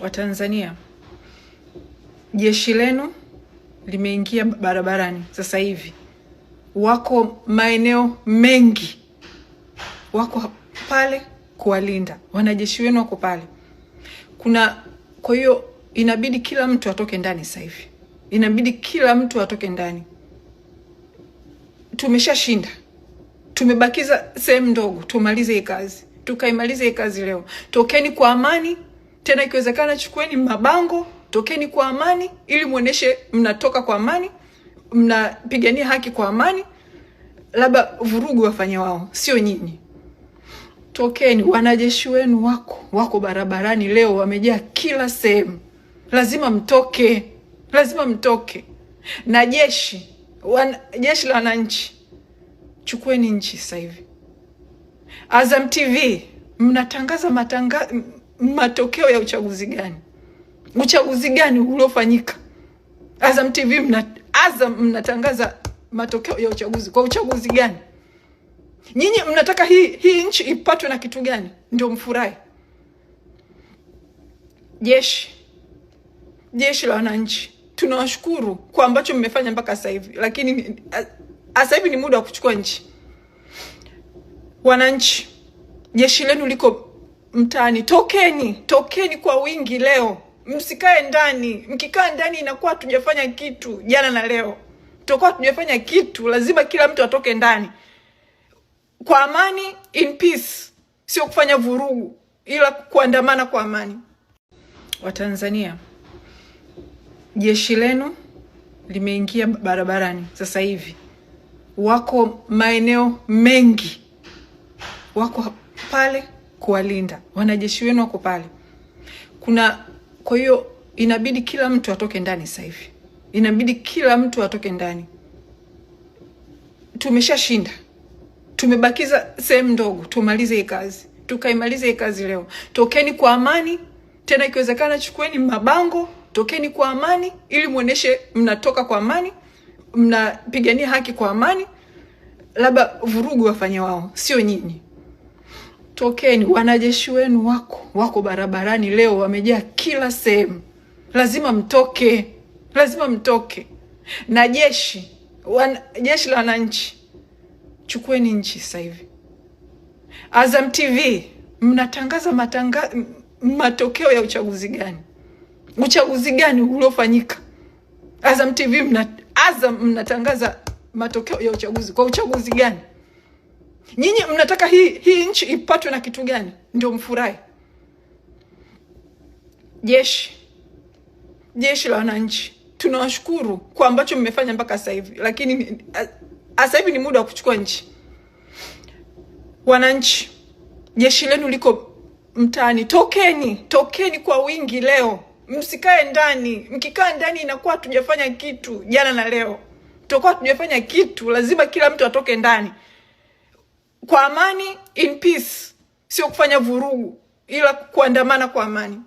Watanzania, jeshi lenu limeingia barabarani sasa hivi, wako maeneo mengi, wako pale kuwalinda wanajeshi wenu, wako pale kuna. Kwa hiyo inabidi kila mtu atoke ndani sasa hivi, inabidi kila mtu atoke ndani. Tumeshashinda, tumebakiza sehemu ndogo, tumalize hii kazi, tukaimalize hii kazi leo. Tokeni kwa amani. Tena ikiwezekana, chukueni mabango, tokeni kwa amani, ili mwoneshe mnatoka kwa amani, mnapigania haki kwa amani. Labda vurugu wafanye wao, sio nyinyi. Tokeni, wanajeshi wenu wako wako barabarani leo, wamejaa kila sehemu. Lazima mtoke, lazima mtoke na jeshi wan, jeshi la wananchi, chukueni nchi sasa hivi. Azam TV mnatangaza matangazo matokeo ya uchaguzi gani? Uchaguzi gani uliofanyika? Azam TV mna, Azam mnatangaza matokeo ya uchaguzi kwa uchaguzi gani? Nyinyi mnataka hii hii nchi ipatwe na kitu gani ndio mfurahi? Jeshi, jeshi la wananchi, tunawashukuru kwa ambacho mmefanya mpaka sasa hivi, lakini sasa hivi ni muda wa kuchukua nchi. Wananchi, jeshi lenu liko mtaani, tokeni, tokeni kwa wingi leo, msikae ndani. Mkikaa ndani inakuwa hatujafanya kitu. Jana na leo tutakuwa hatujafanya kitu, lazima kila mtu atoke ndani kwa amani, in peace, sio kufanya vurugu, ila kuandamana kwa amani. Watanzania, jeshi lenu limeingia barabarani sasa hivi, wako maeneo mengi, wako pale kuwalinda wanajeshi wenu wako pale. Kuna kwa hiyo inabidi kila mtu atoke ndani sasa hivi, inabidi kila mtu atoke ndani. Tumeshashinda, tumebakiza sehemu ndogo, tumalize hii kazi, tukaimalize hii kazi leo. Tokeni kwa amani, tena ikiwezekana chukueni mabango, tokeni kwa amani ili mwoneshe mnatoka kwa amani, mnapigania haki kwa amani. Labda vurugu wafanye wao, sio nyinyi tokeni, wanajeshi wenu wako wako barabarani leo, wamejaa kila sehemu, lazima mtoke, lazima mtoke na jeshi wan, jeshi la wananchi, chukueni nchi sasa hivi. Azam TV mnatangaza matanga, matokeo ya uchaguzi gani? Uchaguzi gani uliofanyika? Azam TV mna, Azam mnatangaza matokeo ya uchaguzi kwa uchaguzi gani? Nyinyi mnataka hii hii nchi ipatwe na kitu gani ndio mfurahi? Jeshi, jeshi la wananchi, tunawashukuru kwa ambacho mmefanya mpaka sasa hivi, lakini sasa hivi ni muda wa kuchukua nchi. Wananchi, jeshi lenu liko mtaani, tokeni, tokeni kwa wingi leo, msikae ndani. Mkikaa ndani inakuwa hatujafanya kitu. Jana na leo tutakuwa hatujafanya kitu, lazima kila mtu atoke ndani kwa amani in peace, sio kufanya vurugu, ila kuandamana kwa amani.